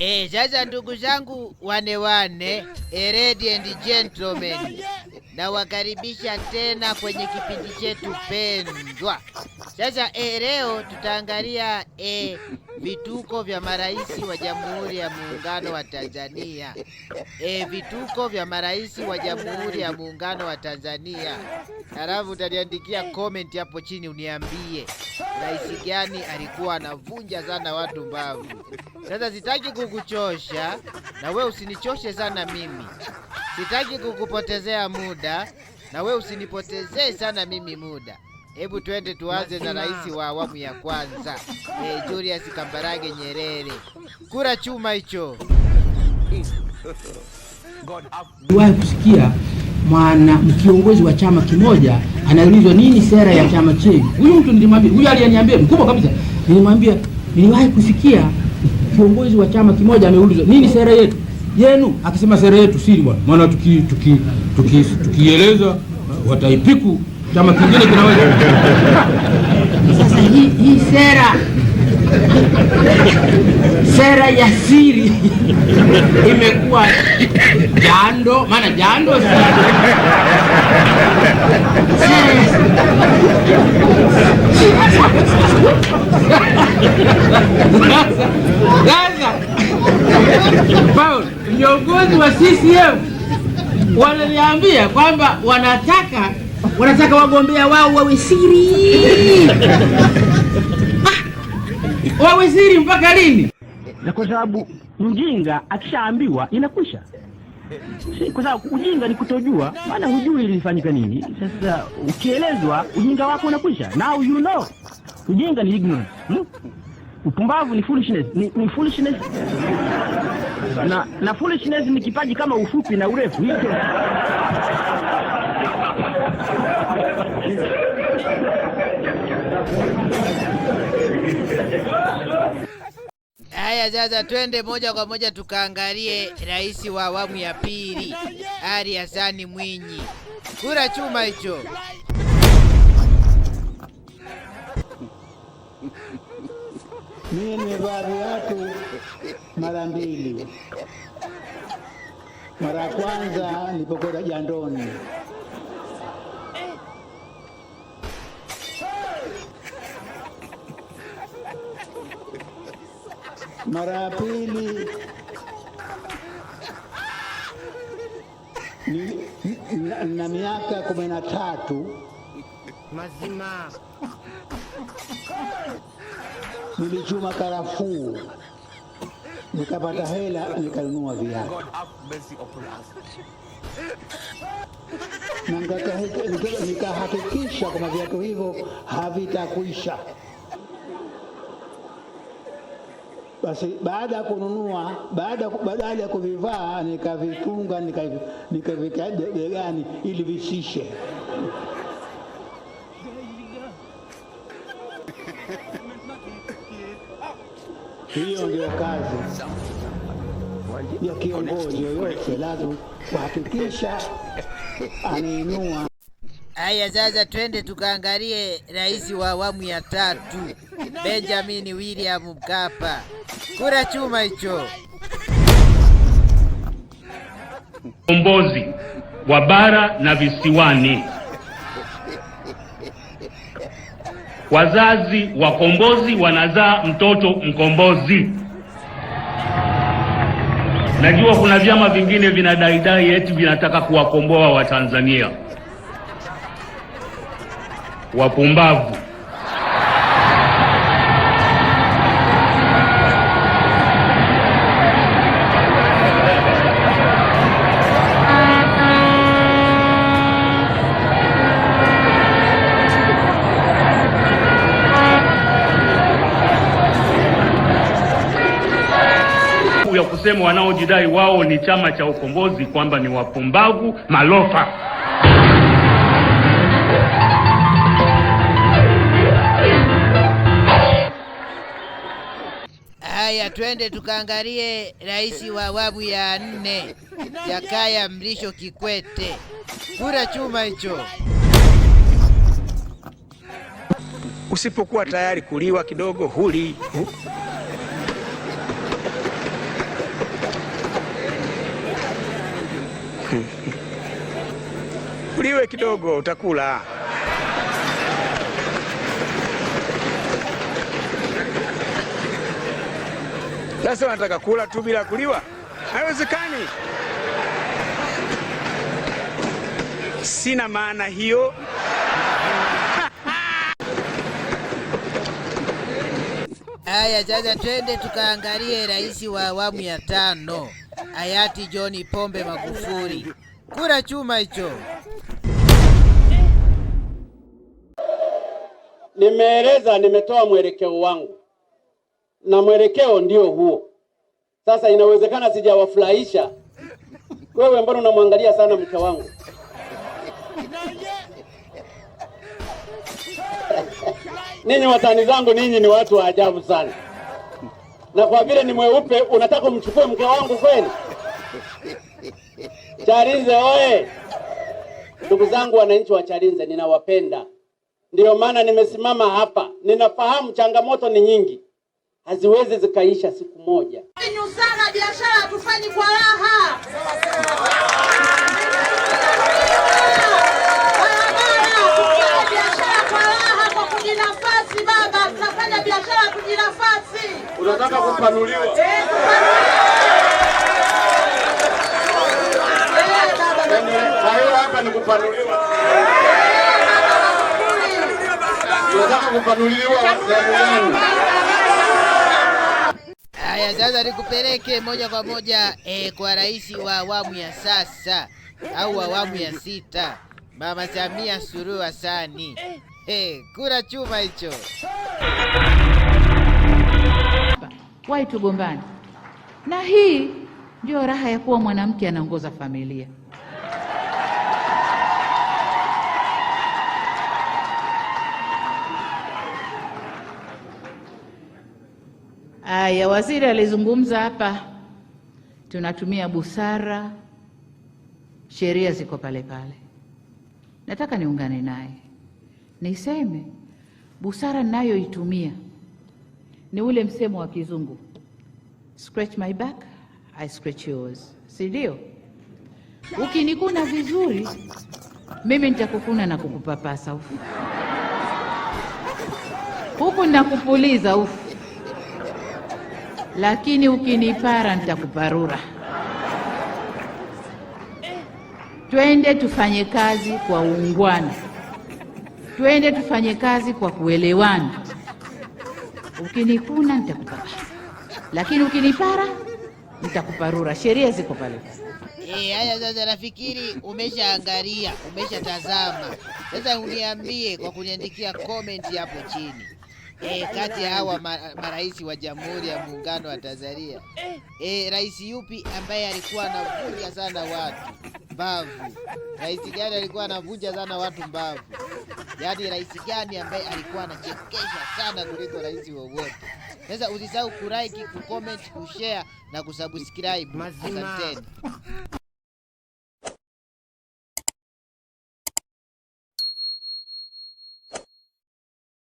E, sasa ndugu zangu wane wane, ladies and gentlemen, nawakaribisha tena kwenye kipindi chetu pendwa. Sasa e, leo tutaangalia e, vituko vya marais wa Jamhuri ya Muungano wa Tanzania. E, vituko vya marais wa Jamhuri ya Muungano wa Tanzania. Halafu utaliandikia comment hapo chini uniambie rais gani alikuwa anavunja sana watu mbavu. Sasa sitaki kukuchosha na we usinichoshe sana mimi. Sitaki kukupotezea muda na we usinipotezee sana mimi muda. Hebu twende tuanze na rais wa awamu ya kwanza eh, Julius Kambarage Nyerere. Kura chuma hicho. Uwahi kusikia mwana mkiongozi wa chama kimoja anaulizwa nini sera ya chama chenu? Huyu mtu nilimwambia, huyu aliyeniambia mkubwa kabisa, nilimwambia niliwahi kusikia kiongozi wa chama kimoja ameuliza nini sera yetu yenu, akisema sera yetu siri bwana, maana tukieleza tuki, tuki, tuki uh, wataipiku chama kingine kinaweza. Sasa hii hii sera sera ya siri imekuwa jando, maana jando viongozi wa CCM wananiambia kwamba wanataka wanataka wagombea wao wawe siri ah, mpaka lini? Na kwa sababu mjinga akishaambiwa inakwisha, kwa sababu ujinga ni kutojua, maana hujui ilifanyika nini. Sasa ukielezwa ujinga wako unakwisha, now you know. Ujinga ni ignorance hmm? Upumbavu ni foolishness, ni, ni foolishness na, na foolishness ni kipaji kama ufupi na urefu hicho. Haya sasa, twende moja kwa moja tukaangalie rais wa awamu ya pili Ali Hassan Mwinyi. Kura chuma hicho mara mbili. Mara ya kwanza nilipokwenda jandoni mara ya pili ni, na, na miaka kumi na tatu mazima nilichuma karafuu nikapata hela nikanunua viatu na nikahakikisha kwamba viatu hivyo havitakuisha. Basi baada ya kununua, badala ya kuvivaa nikavitunga, nikaviweka begani ili visishe. Hiyo ndio kazi ya kiongozi yoyote, lazima kuhakikisha anainua. Aya, sasa twende tukaangalie rais wa awamu ya tatu Benjamin William Mkapa. Kura chuma hicho. Ukombozi wa bara na visiwani. Wazazi wakombozi wanazaa mtoto mkombozi. Najua kuna vyama vingine vinadaidai eti vinataka kuwakomboa Watanzania wapumbavu. wanasema wanaojidai wao ni chama cha ukombozi kwamba ni wapumbavu malofa. Haya, twende tukaangalie rais wa awamu ya nne Jakaya Mrisho Kikwete. Kura chuma hicho. Usipokuwa tayari kuliwa kidogo huli hu. kuliwe kidogo, utakula. Sasa wanataka kula tu bila kuliwa? Haiwezekani. Sina maana hiyo. aya sasa twende tukaangalie rais wa awamu ya tano hayati John Pombe Magufuli. Kura chuma hicho. Nimeeleza, nimetoa mwelekeo wangu na mwelekeo ndio huo. Sasa inawezekana sijawafurahisha wewe, mbona unamwangalia sana mke wangu? Ninyi watani zangu, ninyi ni watu wa ajabu sana, na kwa vile ni mweupe unataka umchukue mke wangu kweli? Chalinze oye! Ndugu zangu wananchi wa Chalinze, ninawapenda. Ndiyo maana nimesimama hapa. Ninafahamu changamoto ni nyingi, haziwezi zikaisha siku moja. Nyuzara biashara tufanye kwa raha, barabara kupanuliwa? kwa kupanuliwa. kwa kujinafasi. Baba, kupanuliwa hapa ni kupanuliwa kupanuliwa haya. Sasa nikupeleke moja kwa moja eh, kwa rais wa awamu ya sasa au awamu ya sita, Mama Samia Suluhu Hassan. Hey, eh, kura chuma hicho, wai tugombani. Na hii ndio raha ya kuwa mwanamke anaongoza familia. Aya, waziri alizungumza hapa, tunatumia busara, sheria ziko pale pale. Nataka niungane naye niseme busara ninayoitumia ni ule msemo wa kizungu scratch my back I scratch yours, si ndio? Ukinikuna vizuri mimi nitakukuna na kukupapasa ufu, huku nakupuliza ufu lakini ukinipara nitakuparura. Twende tufanye kazi kwa uungwana, twende tufanye kazi kwa kuelewana. Ukinikuna nitakupara, lakini ukinipara nitakuparura. Sheria ziko pale. E, haya sasa, nafikiri umeshaangalia, umeshatazama. Sasa uniambie kwa kuniandikia comment hapo chini eh, kati ya hawa marais wa Jamhuri ya Muungano wa Tanzania eh, rais yupi ambaye alikuwa anavunja sana watu mbavu? Rais gani alikuwa anavunja sana watu mbavu? Yaani rais gani ambaye alikuwa anachekesha sana kuliko rais wowote? Sasa usisahau kulike, kucomment, kushare na kusubscribe. Asanteni.